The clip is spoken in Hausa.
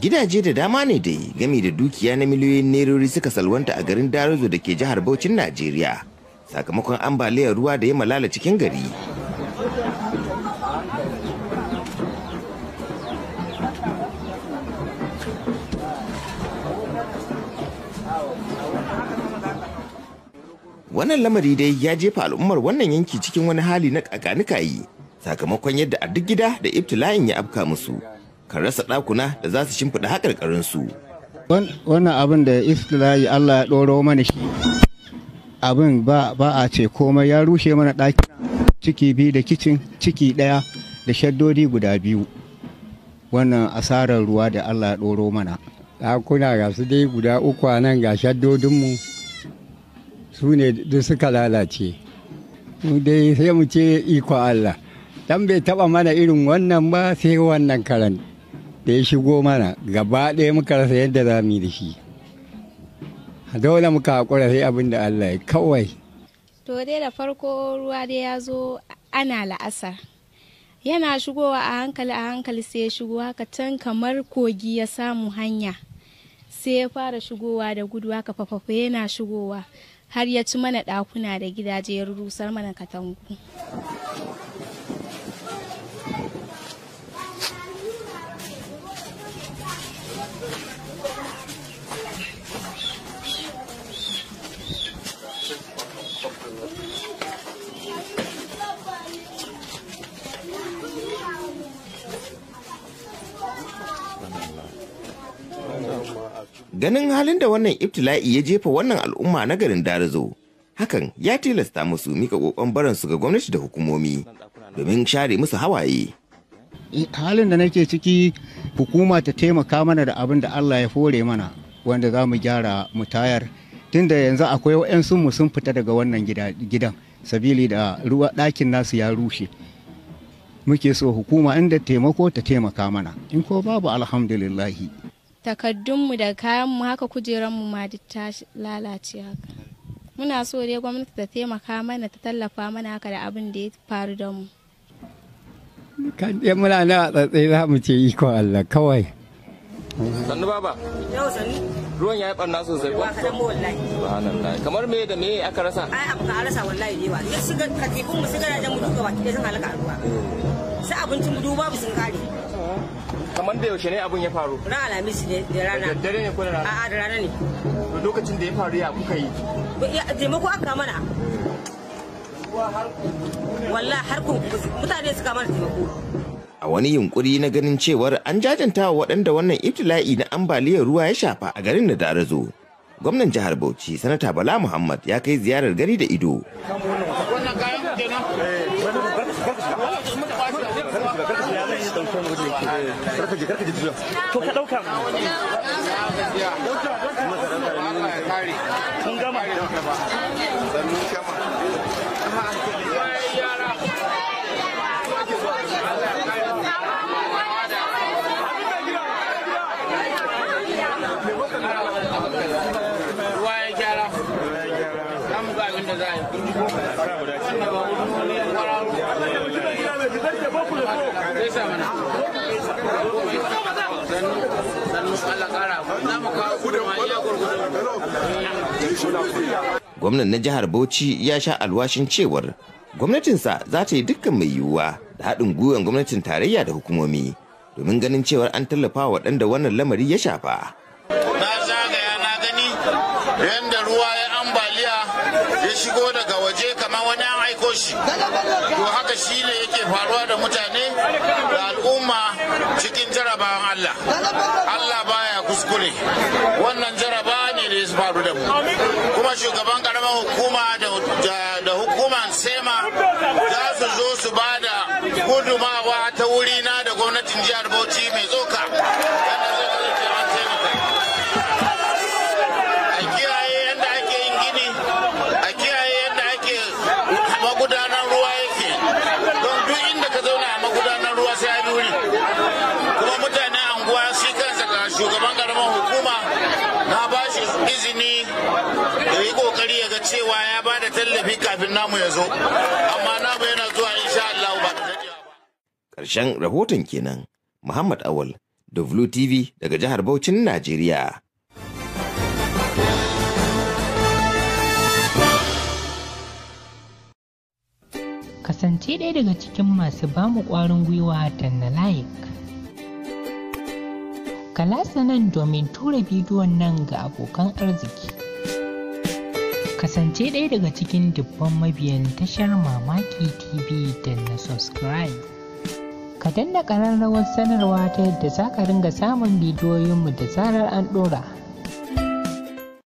Gidaje da dama ne dai gami da dukiya na miliyoyin nerori suka salwanta a garin Darozo da ke jihar Bauchin Najeriya sakamakon ambaliyar ruwa da ya malala cikin gari. Wannan lamari dai ya jefa al'ummar wannan yanki cikin wani hali na kakanikayi sakamakon yadda a duk gida da ibtila'in ya afka musu. kan rasa ɗakuna da za su shimfiɗa haƙarƙarinsu. Wannan abin da istilahi Allah ya ɗoro mana shi abin ba a ce komai ya rushe mana ɗaki ciki biyu da kicin ciki ɗaya da shaddodi guda biyu wannan asarar ruwa da Allah ya ɗoro mana. ɗakuna ga su dai guda uku a nan ga shaddodinmu su ne duk suka lalace mu dai sai mu ce iko Allah dan bai taba mana irin wannan ba sai wannan karan da ya shigo mana gaba ɗaya muka rasa yadda za mu yi da shi dole muka haƙura sai abin da Allah ya kawai to dai da farko ruwa dai ya zo ana la'asar yana shigowa a hankali a hankali sai ya shigo haka can kamar kogi ya samu hanya sai ya fara shigowa da gudu haka fafafa yana shigowa har ya ci mana ɗakuna da gidaje ya rusar mana katangu Ganin halin da wannan ibtila'i ya jefa wannan al'umma na garin Darazo, hakan ya tilasta musu mika kokon baransu ga gwamnati da hukumomi domin share musu hawaye. Eh, halin da nake ciki hukuma ta taimaka mana da abin da Allah ya fore mana wanda za mu gyara mu tayar tunda yanzu akwai wa'yansu mu sun fita daga wannan gidan sabili da ruwa ɗakin nasu ya rushe. Muke so hukuma inda taimako ta taimaka mana in ko babu alhamdulillahi. takaddunmu da kayanmu haka kujeranmu ma duk ta lalace haka muna so dai gwamnati ta taimaka mana ta tallafa mana haka da abin da ya faru da mu kan dai muna na tsatsai za mu ce iko Allah kawai sannu baba yau sannu ruwan ya yi barna sosai ba ka damu wallahi subhanallah kamar me da me aka rasa ai abu ka rasa wallahi ne ba ya shiga katifin mu shiga da mu duka baki da sun halaka ruwa eh. sai abincin mu duba mu sun kare ah. kamar da yaushe ne abun ya faru na alhamis ne da rana da dare ne ko da rana a'a da rana ne lokacin da ya faru ya kuka yi taimako aka mana wallahi har ku mutane suka mana taimako a wani yunkuri na ganin cewar an jajanta wa waɗanda wannan ibtila'i na ambaliyar ruwa ya shafa a garin da darazo gwamnan jihar bauchi sanata bala muhammad ya kai ziyarar gari da ido je karka ji jiya ka dauka Gwamnan na jihar Bauchi ya sha alwashin cewar gwamnatinsa za ta yi dukkan mai yiwuwa da haɗin gwiwan gwamnatin tarayya da hukumomi domin ganin cewar an tallafa wa ɗan da wannan lamari ya shafa. Na zagaya na gani yadda ruwa ya ambaliya ya shigo daga waje kamar wani an aiko shi. To haka shi ne yake faruwa da mutane da al'umma cikin jarabawan Allah Allah baya kuskure wannan jaraba ne da ya faru da mu kuma shugaban karamar hukuma da hukuman sema za su zo su ba da gudumawa ta wurina da gwamnatin jihar Bauchi mai tsoka tallafi kafin namu ya zo amma namu yana zuwa insha Allah ba da karshen rahoton kenan Muhammad Awal WTV daga jihar Bauchin Najeriya kasance ɗaya daga cikin masu bamu ƙwarin gwiwa da layik kalasa Ka latsa nan domin tura bidiyon nan ga abokan arziki. Kasance ɗaya daga cikin dubban mabiyan tashar Mamaki TV da na subscribe. Ka danna ƙararrawar sanarwa ta yadda za ka ringa samun bidiyoyinmu da zarar an ɗora.